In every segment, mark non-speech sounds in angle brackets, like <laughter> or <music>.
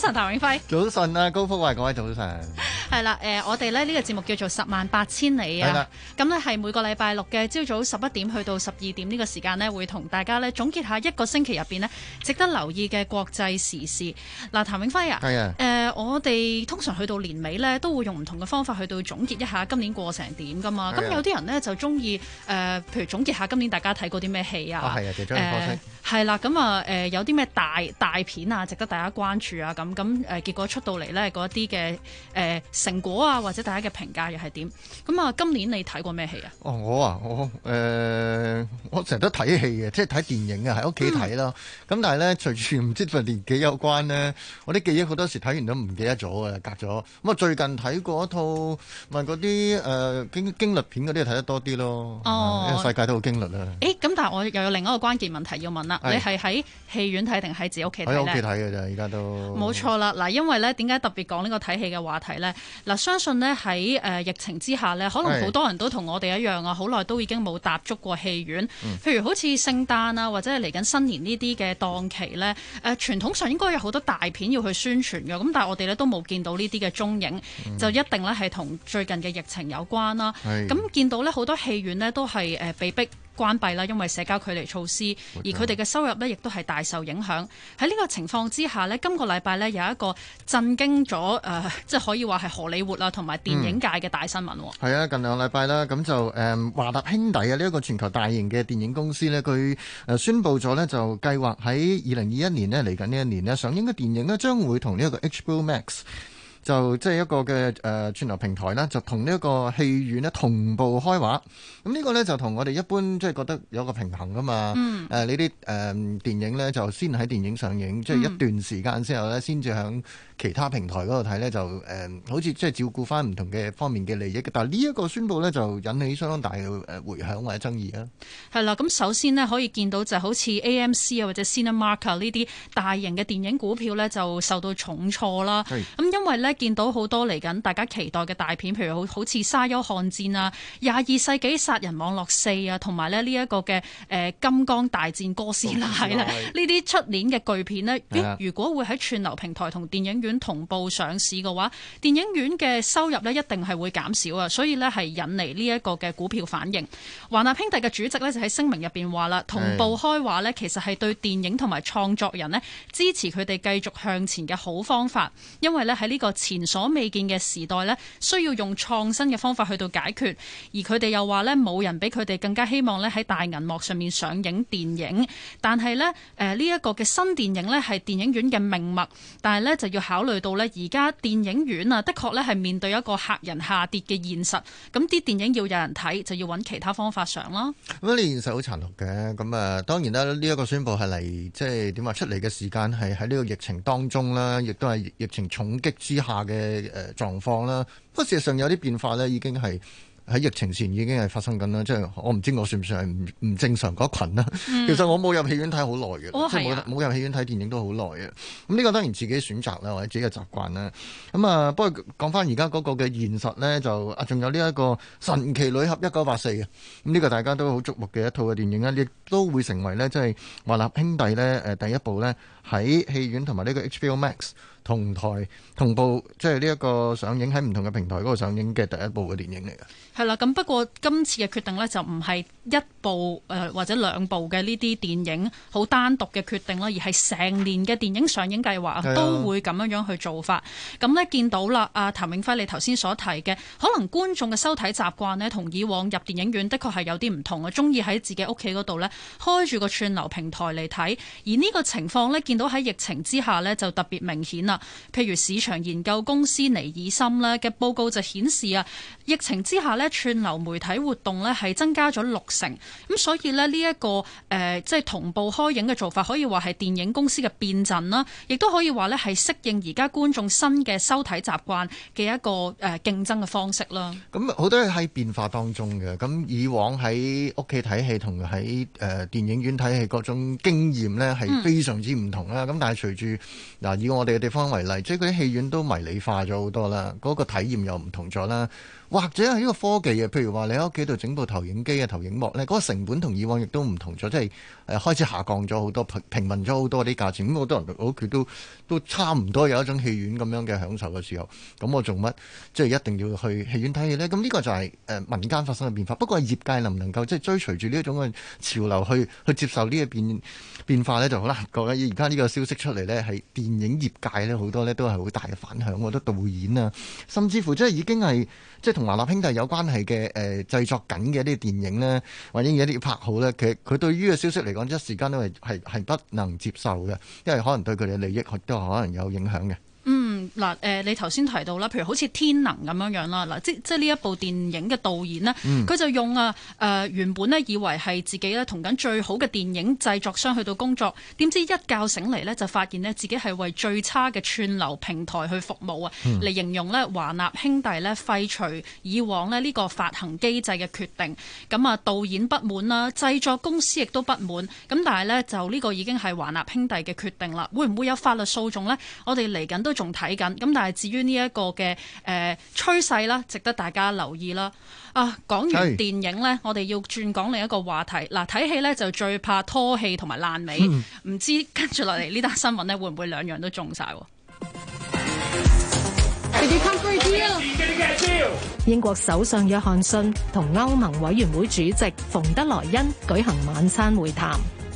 早晨，譚永輝。早晨啊，高福華，各位早晨。係啦， <laughs> 誒、呃，我哋咧呢、呢個節目叫做十萬八千里啊。咁咧係每個禮拜六嘅朝早十一點去到十二點呢個時間呢，會同大家咧總結一下一個星期入邊呢值得留意嘅國際時事。嗱，譚永輝啊。係啊。誒的、呃，我哋通常去到年尾呢，都會用唔同嘅方法去到總結一下今年過成點噶嘛。咁的、嗯、有啲人呢，就中意誒，譬如總結下今年大家睇過啲咩戲啊。係啊，其中嘅方係啦，咁啊，誒、呃、有啲咩大大片啊，值得大家關注啊，咁咁誒結果出到嚟咧，嗰啲嘅誒成果啊，或者大家嘅評價又係點？咁啊，今年你睇過咩戲啊？哦，我啊，我誒、呃、我成日都睇戲嘅，即係睇電影啊，喺屋企睇啦。咁、嗯、但係咧，隨住唔知份年紀有關咧，我啲記憶好多時睇完都唔記得咗嘅，隔咗。咁啊，最近睇過一套咪嗰啲誒經經歷片嗰啲睇得多啲咯。哦，世界都好經歷啦、啊。誒、哎，咁但係我又有另一個關鍵問題要問啦。你係喺戲院睇定喺自己屋企睇咧？喺屋企睇嘅咋，而家都冇錯啦。嗱，因為咧，點解特別講呢個睇戲嘅話題咧？嗱，相信咧喺誒疫情之下咧，可能好多人都同我哋一樣啊，好耐都已經冇踏足過戲院。嗯、譬如好似聖誕啊，或者係嚟緊新年呢啲嘅檔期咧，誒、呃、傳統上應該有好多大片要去宣傳嘅，咁但係我哋咧都冇見到呢啲嘅蹤影，就一定咧係同最近嘅疫情有關啦。咁、嗯、見到咧好多戲院咧都係誒、呃、被逼關閉啦，因為社交距離措施，而佢哋嘅收入呢亦都係大受影響。喺呢個情況之下呢，今個禮拜呢，有一個震驚咗誒，即、呃、係可以話係荷里活啦，同埋電影界嘅大新聞。係啊、嗯，近兩個禮拜啦，咁就誒華納兄弟啊呢一個全球大型嘅電影公司呢，佢誒宣布咗呢，就計劃喺二零二一年呢，嚟緊呢一年呢，上映嘅電影呢，將會同呢一個 HBO Max。就即係一個嘅誒串流平台啦，就同呢一個戲院咧同步開畫。咁呢個呢，就同我哋一般即係覺得有個平衡㗎嘛。誒呢啲誒電影呢，就先喺電影上映即係、就是、一段時間之後呢，先至喺其他平台嗰度睇呢，就誒，好似即係照顧返唔同嘅方面嘅利益嘅。但係呢一個宣布呢，就引起相當大嘅誒迴響或者爭議啊。係啦，咁首先呢，可以見到就好似 AMC 啊或者 Cinemark 呢啲大型嘅電影股票呢，就受到重挫啦。咁的因為呢。見到好多嚟緊，大家期待嘅大片，譬如好好似沙丘瀚戰啊、廿二世紀殺人網絡四啊，同埋咧呢一個嘅金剛大戰哥斯拉，係啦，呢啲出年嘅巨片呢的如果會喺串流平台同電影院同步上市嘅話，電影院嘅收入呢一定係會減少啊，所以呢，係引嚟呢一個嘅股票反應。華納兄弟嘅主席呢就喺聲明入邊話啦，同步開畫呢，其實係對電影同埋創作人呢支持佢哋繼續向前嘅好方法，因為呢喺呢個。前所未見嘅時代呢，需要用創新嘅方法去到解決，而佢哋又話呢，冇人比佢哋更加希望呢喺大銀幕上面上映電影，但係呢，誒呢一個嘅新電影呢係電影院嘅命脈，但係呢，就要考慮到呢而家電影院啊的確呢係面對一個客人下跌嘅現實，咁啲電影要有人睇就要揾其他方法上啦。咁啊，你現實好殘酷嘅，咁啊當然啦，呢一個宣布係嚟即係點話出嚟嘅時間係喺呢個疫情當中啦，亦都係疫情重擊之後。下嘅誒狀況啦，不過事實上有啲變化呢，已經係喺疫情前已經係發生緊啦。即係我唔知我算唔算係唔唔正常嗰羣啦。嗯、其實我冇入戲院睇好耐嘅，哦啊、即係冇入戲院睇電影都好耐嘅。咁呢個當然自己選擇啦，或者自己嘅習慣啦。咁啊，不過講翻而家嗰個嘅現實呢，就啊，仲有呢一個神奇女俠一九八四嘅。咁呢個大家都好矚目嘅一套嘅電影呢，亦都會成為呢，即係華納兄弟呢誒第一部呢，喺戲院同埋呢個 HBO Max。同台同步，即係呢一個上映喺唔同嘅平台嗰個上映嘅第一部嘅電影嚟㗎係啦。咁不過今次嘅決定呢，就唔係。一部、呃、或者兩部嘅呢啲電影好單獨嘅決定啦，而係成年嘅電影上映計劃都會咁樣樣去做法。咁咧的見到啦，阿、啊、譚永輝你頭先所提嘅，可能觀眾嘅收睇習慣咧，同以往入電影院的確係有啲唔同啊，中意喺自己屋企嗰度咧開住個串流平台嚟睇。而呢個情況咧，見到喺疫情之下咧就特別明顯啦。譬如市場研究公司尼爾森咧嘅報告就顯示啊，疫情之下咧串流媒體活動咧係增加咗六。咁，所以咧呢一、這個誒、呃，即係同步開影嘅做法，可以話係電影公司嘅變陣啦，亦都可以話咧係適應而家觀眾新嘅收睇習慣嘅一個誒、呃、競爭嘅方式啦。咁好多嘢喺變化當中嘅，咁以往喺屋企睇戲同喺誒電影院睇戲，各種經驗呢係非常之唔同啦。咁、嗯、但係隨住嗱以我哋嘅地方為例，即係嗰啲戲院都迷你化咗好多啦，嗰、那個體驗又唔同咗啦。或者係呢個科技啊，譬如話你喺屋企度整部投影機啊、投影幕咧，嗰、那個成本同以往亦都唔同咗，即係誒、呃、開始下降咗好多，平民咗好多啲價錢。咁好多人都覺得都都差唔多有一種戲院咁樣嘅享受嘅時候，咁我做乜即係一定要去戲院睇戲咧？咁呢個就係、是、誒、呃、民間發生嘅變化。不過業界能唔能夠即係追隨住呢一種嘅潮流去去接受呢一種變變化咧就好難講啦！而家呢個消息出嚟呢，係電影業界呢好多呢都係好大嘅反響。我覺得導演啊，甚至乎即係已經係即係同華納兄弟有關係嘅誒、呃、製作緊嘅一啲電影呢，或者已經一啲拍好呢，佢佢對於個消息嚟講，一時間都係係係不能接受嘅，因為可能對佢哋嘅利益都可能有影響嘅。嗱，誒、呃，你頭先提到啦，譬如好似天能咁樣樣啦，嗱，即即呢一部電影嘅導演呢，佢、嗯、就用啊誒、呃，原本呢以為係自己咧同緊最好嘅電影製作商去到工作，點知一覺醒嚟呢，就發現呢自己係為最差嘅串流平台去服務啊，嚟、嗯、形容呢華納兄弟呢，廢除以往呢呢個發行機制嘅決定，咁、嗯、啊導演不滿啦，製作公司亦都不滿，咁但係呢，就呢個已經係華納兄弟嘅決定啦，會唔會有法律訴訟呢？我哋嚟緊都仲睇緊咁，但係至於呢一個嘅誒趨勢啦，值得大家留意啦。啊，講完電影咧，是我哋要轉講另一個話題。嗱，睇戲咧就最怕拖戲同埋爛尾，唔、嗯、知跟住落嚟，呢單新聞咧會唔會兩樣都中晒 <laughs> 英國首相約翰遜同歐盟委員會主席馮德萊恩舉行晚餐會談。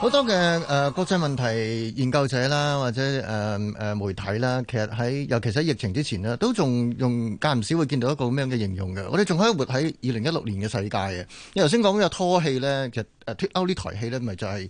好多嘅誒、呃、國際問題研究者啦，或者誒、呃呃、媒體啦，其實喺尤其是喺疫情之前呢，都仲用間唔少會見到一個咁樣嘅形容嘅。我哋仲可以活喺二零一六年嘅世界嘅。你頭先講嗰個拖戲咧，其實誒脫、啊、歐呢台戲咧，咪就係、是。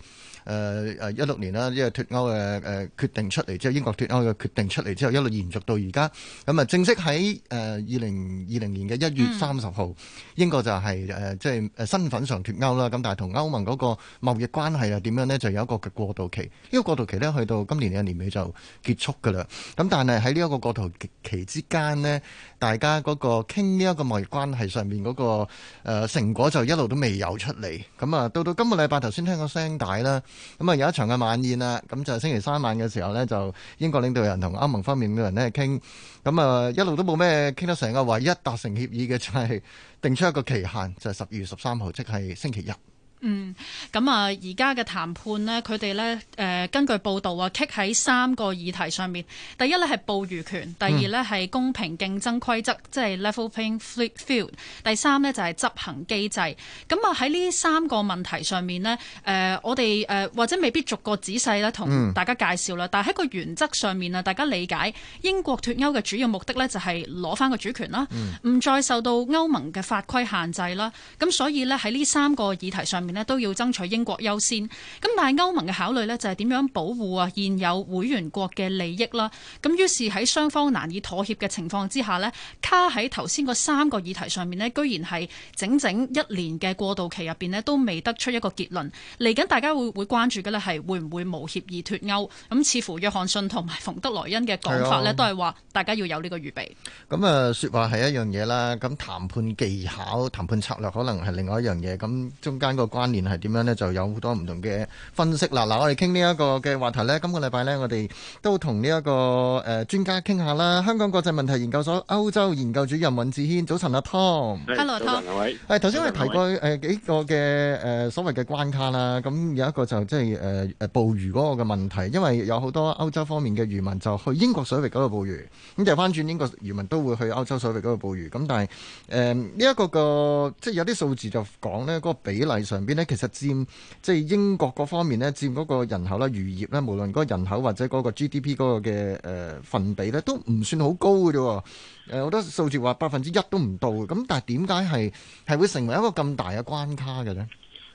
誒誒一六年啦，因為脱歐嘅誒決定出嚟之後，英國脱歐嘅決定出嚟之後，一路延續到而家。咁啊，正式喺誒二零二零年嘅一月三十號，英國就係誒即係誒身份上脱歐啦。咁但係同歐盟嗰個貿易關係啊點樣咧，就有一個嘅過渡期。呢個過渡期咧，去到今年嘅年尾就結束㗎啦。咁但係喺呢一個過渡期之間咧，大家嗰個傾呢一個貿易關係上面嗰個誒成果就一路都未有出嚟。咁啊，到到今個禮拜頭先聽個聲帶啦。咁啊有一場嘅晚宴啦，咁就星期三晚嘅時候呢，就英國領導人同歐盟方面嘅人呢傾，咁啊一路都冇咩傾得成嘅，唯一達成協議嘅就係定出一個期限，就係十二月十三號，即係星期日。嗯，咁啊，而家嘅談判咧，佢哋咧，誒根據報道啊，卡喺三個議題上面。第一咧係捕魚權，第二咧係公平競爭規則，嗯、即係 level playing field。第三咧就係執行機制。咁啊喺呢三個問題上面咧，誒我哋誒或者未必逐個仔細咧同大家介紹啦。嗯、但喺個原則上面啊，大家理解英國脫歐嘅主要目的咧就係攞翻個主權啦，唔、嗯、再受到歐盟嘅法規限制啦。咁所以咧喺呢三個議題上面。呢都要爭取英國優先，咁但係歐盟嘅考慮呢，就係點樣保護啊現有會員國嘅利益啦。咁於是喺雙方難以妥協嘅情況之下呢，卡喺頭先嗰三個議題上面呢，居然係整整一年嘅過渡期入邊呢都未得出一個結論。嚟緊大家會會關注嘅呢係會唔會無協議脫歐？咁似乎約翰遜同埋馮德萊恩嘅講法呢，都係話，大家要有呢個預備。咁啊，說話係一樣嘢啦。咁談判技巧、談判策略可能係另外一樣嘢。咁中間個關關聯繫點樣呢？就有好多唔同嘅分析啦。嗱、啊，我哋傾呢一個嘅話題呢，今個禮拜呢，我哋都同呢一個誒專、呃、家傾下啦。香港國際問題研究所歐洲研究主任尹子軒，早晨啊 Tom。hello Tom。頭先我哋提過誒幾個嘅誒、呃、所謂嘅關卡啦。咁、呃、有一個就即係誒誒捕魚嗰個嘅問題，因為有好多歐洲方面嘅漁民就去英國水域嗰度捕魚，咁掉翻轉英國漁民都會去歐洲水域嗰度捕魚。咁但係誒呢一個個即係有啲數字就講呢嗰、那個比例上。邊咧其實占即係英國嗰方面咧占嗰個人口啦、漁業咧，無論嗰個人口或者嗰個 GDP 嗰個嘅誒份比咧，都唔算好高嘅啫。誒，好多數字話百分之一都唔到。咁但係點解係係會成為一個咁大嘅關卡嘅咧？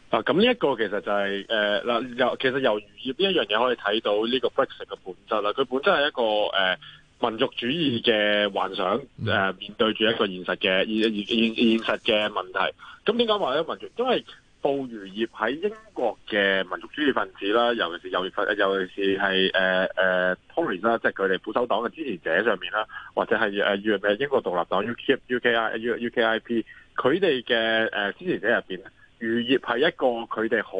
啊，咁呢一個其實就係誒嗱由其實由漁業呢一樣嘢可以睇到呢個 Brexit 嘅本質啦。佢本質係一個誒民族主義嘅幻想，誒面對住一個現實嘅現現現實嘅問題。咁點解話咧民族？因為捕魚業喺英國嘅民族主義分子啦，尤其是右，尤其是係誒誒托利啦，即係佢哋保守黨嘅支持者上面啦，或者係誒誒英國獨立黨 U K U K I U K I P，佢哋嘅誒支持者入邊咧，漁業係一個佢哋好。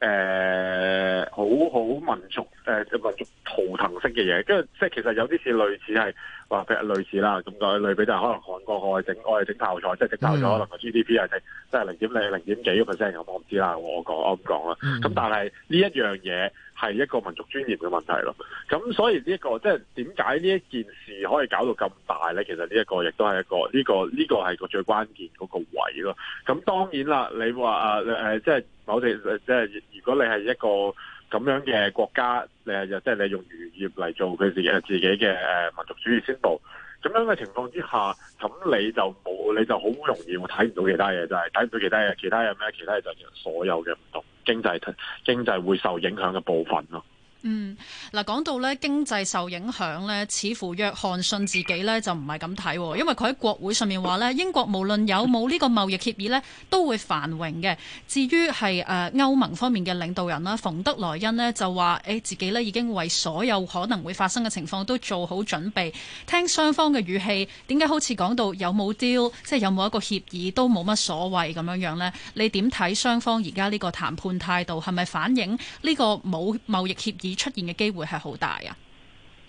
誒，好好、呃、民族誒、呃，民族圖騰式嘅嘢，跟住即係其實有啲似類似係話，譬如類似啦，咁就類比就可能韓國我去整我去整泡菜，即係整泡菜可能個 GDP 係即係零點零零點幾個 percent，我唔知啦，我講我咁講啦，咁、嗯、但係呢一樣嘢。係一個民族尊嚴嘅問題咯，咁所以呢一個即係點解呢一件事可以搞到咁大咧？其實呢一個亦都係一個呢個呢個係個最關鍵嗰個位咯。咁當然啦，你話啊誒，即係某啲，即係如果你係一個咁樣嘅國家，你又即係你用漁業嚟做佢自己嘅自己嘅誒民族主義宣佈。咁樣嘅情況之下，咁你就冇，你就好容易會睇唔到其他嘢，就係睇唔到其他嘢，其他有咩？其他嘢就係所有嘅唔同經濟，經濟會受影響嘅部分咯。嗯，嗱，講到咧經濟受影響咧，似乎約翰遜自己咧就唔係咁睇，因為佢喺國會上面話咧英國無論有冇呢個貿易協議咧都會繁榮嘅。至於係誒歐盟方面嘅領導人啦，馮德萊恩咧就話誒、哎、自己咧已經為所有可能會發生嘅情況都做好準備。聽雙方嘅語氣，點解好似講到有冇 deal，即係有冇一個協議都冇乜所謂咁樣樣咧？你點睇雙方而家呢個談判態度係咪反映呢個冇貿易協議？而出現嘅機會係好大啊！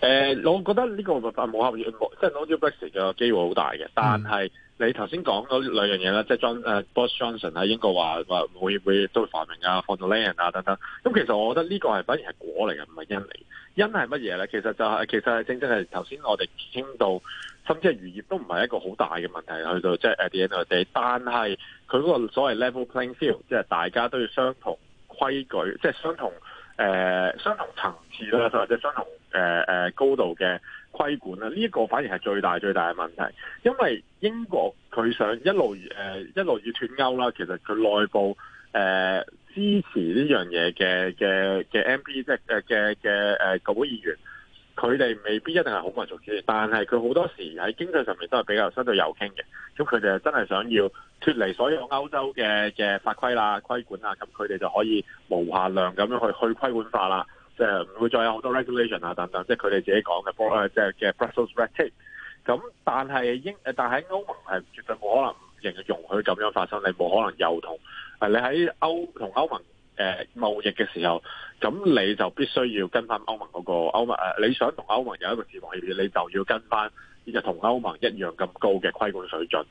誒、嗯，我覺得呢個冇合約，即係 No Deal 嘅機會好大嘅。但係你頭先講咗兩樣嘢啦，即係莊誒，Boris Johnson 喺英國話話會會，會都發明啊 founder land 啊等等。咁其實我覺得呢個係反而係果嚟嘅，唔係因嚟。因係乜嘢咧？其實就係、是、其實係正正係頭先我哋傾到，甚至係漁業都唔係一個好大嘅問題去到即係 at the end of the day。但係佢嗰個所謂 level playing field，即係大家都要相同規矩，即係相同。誒、呃、相同層次啦，或者相同誒誒、呃呃、高度嘅規管啦，呢、這、一個反而係最大最大嘅問題，因為英國佢想一路誒、呃、一路要脫歐啦，其實佢內部誒、呃、支持呢樣嘢嘅嘅嘅 MP 即係嘅嘅誒國會議員。佢哋未必一定係好民族主義，但係佢好多時喺經濟上面都係比較相對右傾嘅。咁佢哋真係想要脱離所有歐洲嘅嘅法規啦、規管啦，咁佢哋就可以無限量咁樣去去規管化啦，即係唔會再有好多 regulation 啊等等。即係佢哋自己講嘅，波、就、誒、是、嘅嘅 Brussels red tape 咁但係英，但係喺歐盟係絕對冇可能認容許咁樣發生，你冇可能又同你喺歐同歐盟。誒貿易嘅時候，咁你就必須要跟翻歐盟嗰、個歐盟誒，你想同歐盟有一個自由協議，你就要跟翻，就同歐盟一樣咁高嘅規管水準。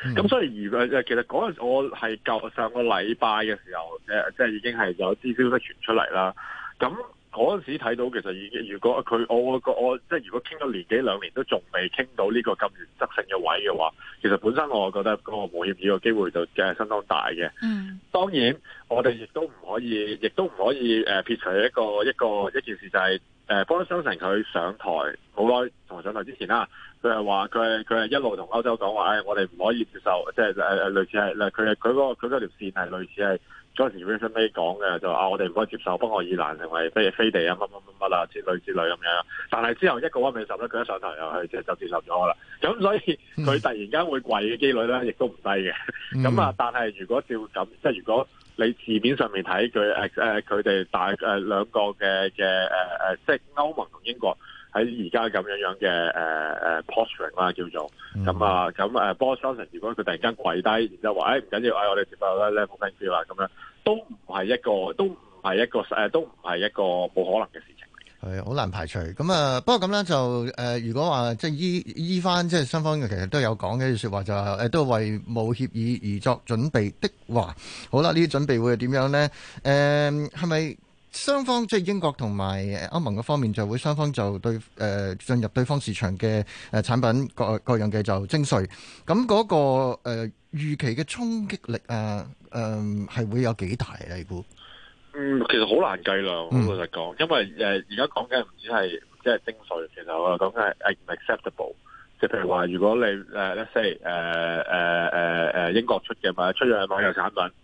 咁、嗯、所以，如果其實嗰陣我係舊上個禮拜嘅時候，即係已經係有啲消息傳出嚟啦。咁我嗰陣時睇到，其實如果佢我個我即係如果傾咗年幾兩年都仲未傾到呢個咁原則性嘅位嘅話，其實本身我覺得個無協議嘅機會就即係相當大嘅。嗯，當然我哋亦都唔可以，亦都唔可以誒撇除一個一個、嗯、一個一件事就係、是。誒，波商城佢上台冇耐，同埋上台之前啦，佢係話佢係佢係一路同歐洲講話，誒，我哋唔可以接受，即係誒類似係，佢係佢嗰個佢嗰條線係類似係 Theresa May 講嘅，就啊，我哋唔可以接受北愛爾蘭成為飛飛地啊，乜乜乜乜啊，之類之類咁樣。但係之後一個屈尾十咧，佢一上台又係即係就接受咗啦。咁所以佢突然間會跪嘅機率咧，亦都唔低嘅。咁啊、嗯，但係如果照咁，即係如果。你字面上面睇佢誒誒佢哋大誒兩個嘅嘅誒誒，即係歐盟同英國喺而家咁樣這樣嘅誒誒、呃呃、posture 啦、啊、叫做，咁、mm hmm. 啊咁誒 Boris Johnson 如果佢突然間跪低，然之後話誒唔緊要，誒、哎、我哋接受咧 level playing field 啦咁樣，都唔係一個都唔係一個誒、啊、都唔係一個冇可能嘅事情。係，好難排除。咁啊，不過咁呢，就誒、呃，如果話即係依依翻，即係雙方嘅，其實都有講嘅說的話，就係誒、呃，都為冇協議而作準備的話。好啦，呢啲準備會係點樣呢？誒、呃，係咪雙方即係英國同埋歐盟方面就會雙方就對誒進、呃、入對方市場嘅誒、呃、產品各各樣嘅就徵稅？咁嗰、那個誒預、呃、期嘅衝擊力啊，誒、呃，係、呃、會有幾大咧？估？嗯，其實好難計量，老實講，因為誒而家講緊唔止係唔係精髓，其實我講緊係 acceptable。即係譬如話，如果你誒，let's say 誒誒誒誒英國出嘅或者出咗係某樣產品，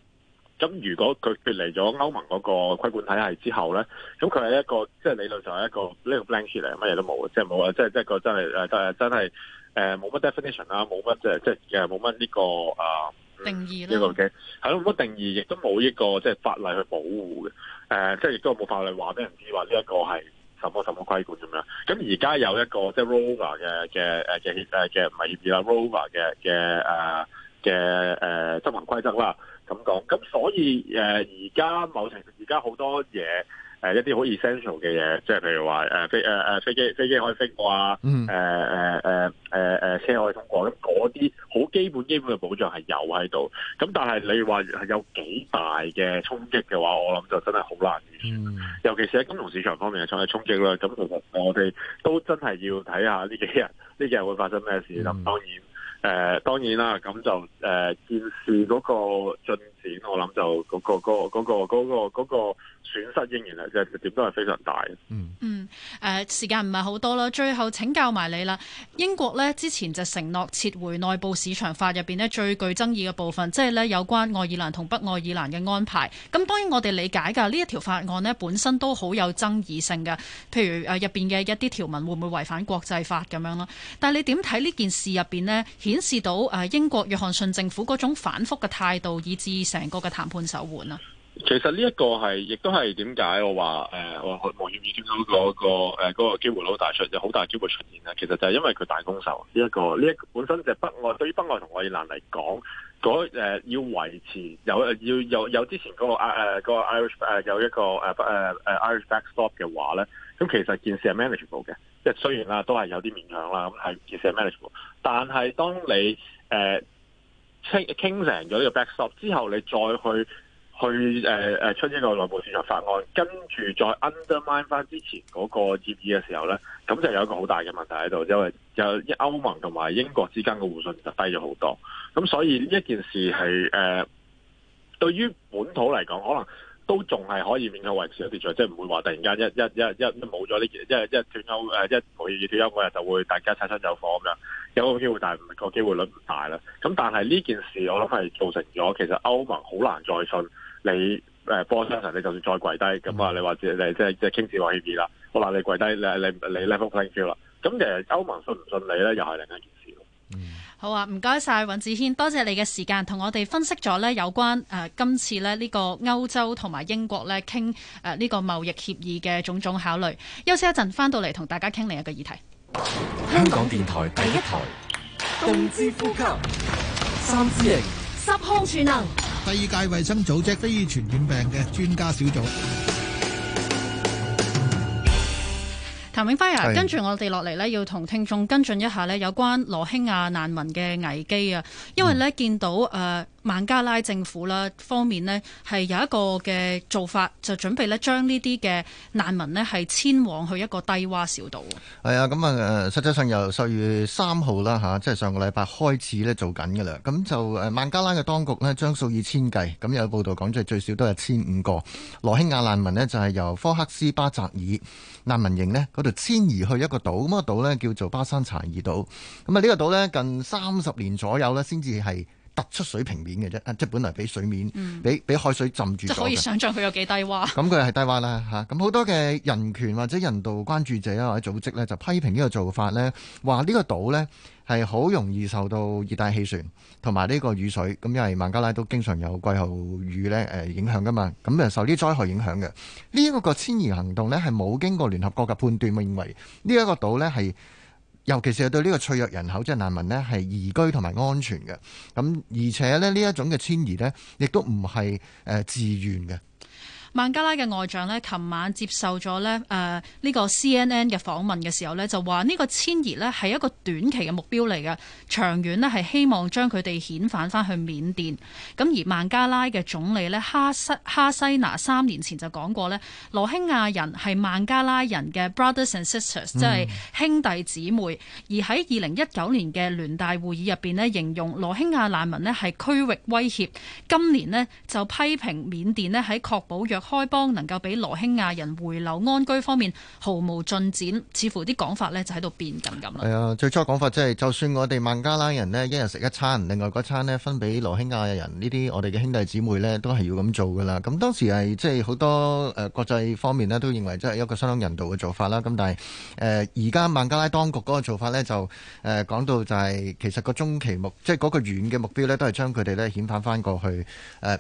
咁如果佢脫離咗歐盟嗰個規管體系之後咧，咁佢係一個即係理論上係一個呢、這個 blank 嚟，乜嘢都冇，即係冇啊，即係即係個真係誒、呃、真係誒冇乜 definition 啦，冇、呃、乜即係即係冇乜呢個啊。呃定義嘅係囉，冇乜定義，亦都冇一個即係法例去保護嘅，誒，即係亦都冇法例話俾人知話呢一個係什麼什麼規管咁樣。咁而家有一個即係 Rover 嘅嘅誒嘅誒唔係協議啦，Rover 嘅嘅誒嘅誒執行規則啦，咁講。咁所以誒而家某程度而家好多嘢。誒一啲好 essential 嘅嘢，即係譬如話飛、啊、飛機飛機可以飛過、嗯、啊、啊、啊、啊，車可以通過，咁嗰啲好基本基本嘅保障係有喺度。咁但係你話係有幾大嘅衝擊嘅話，我諗就真係好難預算，嗯、尤其是喺金融市場方面嘅衝擊衝擊，咁其實我哋都真係要睇下呢幾日呢幾日會發生咩事。咁、嗯、當然誒、呃、當然啦，咁就誒件、呃、事嗰個進。我諗就嗰個嗰個嗰個嗰個嗰個損失仍然係即係點都係非常大嘅。嗯嗯誒，時間唔係好多啦，最後請教埋你啦。英國呢之前就承諾撤回內部市場法入邊呢最具爭議嘅部分，即係呢有關愛爾蘭同北愛爾蘭嘅安排。咁當然我哋理解㗎，呢一條法案呢本身都好有爭議性嘅。譬如誒入邊嘅一啲條文會唔會違反國際法咁樣咯？但係你點睇呢件事入邊呢？顯示到誒英國約翰遜政府嗰種反覆嘅態度，以至……成個嘅談判手腕啊，其實呢一個係，亦都係點解我話我我冒險預測到嗰個機會率大出，有好大機會出現，其實就係因為佢大攻守。呢、這、一個，呢、這、一、個、本身就北、是、愛，對於北愛同愛爾蘭嚟講，要維持有要有有之前嗰、那個、那個、Irish 有一個、那個、Irish backstop 嘅話咧，咁其實件事係 manageable 嘅，即係雖然啦都係有啲勉強啦，咁係件事係 manageable，但係當你、呃傾成咗呢個 backstop 之後，你再去去誒誒出呢個內部市場法案，跟住再 undermine 翻之前嗰個協議嘅時候咧，咁就有一個好大嘅問題喺度，因為有一歐盟同埋英國之間嘅互信就低咗好多，咁所以呢一件事係誒、呃、對於本土嚟講，可能都仲係可以勉強維持一啲在，即係唔會話突然間一一一一冇咗呢一一脫歐誒一冇協議脫歐嗰日就會大家擦槍走火咁樣。有個機會大，但係個機會率唔大啦。咁但係呢件事，我諗係造成咗其實歐盟好難再信你。誒 Boris Johnson 你就算再跪低，咁啊、嗯，你話即係即係即係傾自貿協議啦。好啦你跪低，你你你 Level Playing Field 啦。咁其實，歐盟信唔信你咧，又係另一件事。嗯、好啊，唔該晒尹子軒，多謝你嘅時間，同我哋分析咗咧有關誒、呃、今次咧呢、這個歐洲同埋英國咧傾誒呢、呃這個貿易協議嘅種種考慮。休息一陣，翻到嚟同大家傾另一個議題。香港電台第一台，共之呼吸，三支型，十空全能世界衛生組織非傳染病嘅專家小組，譚永輝啊，跟住我哋落嚟呢要同聽眾跟進一下呢有關羅興亞難民嘅危機啊，因為呢、嗯、見到誒。呃孟加拉政府啦，方面呢係有一個嘅做法，就準備呢將呢啲嘅難民呢係遷往去一個低洼小島。係啊、哎，咁啊，誒，實際上由十月三號啦，即係上個禮拜開始呢做緊㗎啦。咁就誒，孟加拉嘅當局呢將數以千計，咁有報道講咗最少都係千五個羅興亞難民呢就係、是、由科克斯巴扎爾難民營呢嗰度遷移去一個島，咁、那、啊、個、島呢叫做巴山查爾島。咁啊，呢個島呢，近三十年左右呢先至係。突出水平面嘅啫，即係本嚟俾水面，俾俾、嗯、海水浸住。即可以想象，佢有幾低洼。咁佢係低洼啦吓。咁好多嘅人權或者人道關注者啊或者組織咧，就批評呢個做法咧，話呢個島咧係好容易受到熱帶氣旋同埋呢個雨水，咁因為孟加拉都經常有季候雨咧誒影響噶嘛，咁就受啲災害影響嘅。呢、這、一個遷移行動咧係冇經過聯合國嘅判斷，咪認為呢一個島咧係。尤其是係對呢個脆弱人口，即係難民呢，係移居同埋安全嘅。咁而且咧，呢一種嘅遷移呢，亦都唔係誒自願嘅。孟加拉嘅外長呢，琴晚接受咗咧誒呢個 CNN 嘅訪問嘅時候呢，就話呢個遷移呢係一個短期嘅目標嚟嘅，長遠呢係希望將佢哋遣返翻去緬甸。咁而孟加拉嘅總理呢，哈西哈西娜三年前就講過呢，羅興亞人係孟加拉人嘅 brothers and sisters，嗯、即係兄弟姊妹。而喺二零一九年嘅聯大會議入邊呢，形容羅興亞難民呢係區域威脅。今年呢就批評緬甸呢，喺確保約開邦能夠俾羅興亞人回流安居方面毫無進展，似乎啲講法呢就喺度變緊咁啦。係啊，最初講法即係就算我哋孟加拉人呢一日食一餐，另外嗰餐呢分俾羅興亞人呢啲我哋嘅兄弟姊妹呢都係要咁做㗎啦。咁當時係即係好多誒國際方面呢都認為即係一個相當人道嘅做法啦。咁但係誒而家孟加拉當局嗰個做法呢，就誒講到就係其實個中期目即係嗰個遠嘅目標呢都係將佢哋呢遣返翻過去誒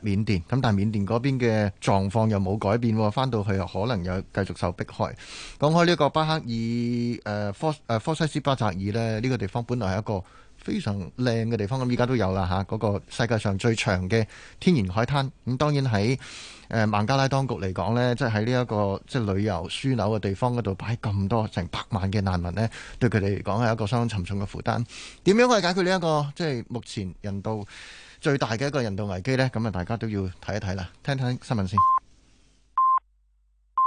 緬甸。咁但係緬甸嗰邊嘅狀況。又冇改變，翻到去又可能又繼續受迫害。講開呢個巴克爾，誒、呃、科誒、呃、科西斯巴扎爾咧，呢、這個地方本來係一個非常靚嘅地方，咁依家都有啦嚇。嗰、那個世界上最長嘅天然海灘，咁、嗯、當然喺誒、呃、孟加拉當局嚟講呢，即係喺呢一個即係、就是、旅遊樞紐嘅地方嗰度擺咁多成百萬嘅難民呢，對佢哋嚟講係一個相當沉重嘅負擔。點樣可以解決呢、這、一個即係、就是、目前人道最大嘅一個人道危機呢？咁啊，大家都要睇一睇啦，聽聽新聞先。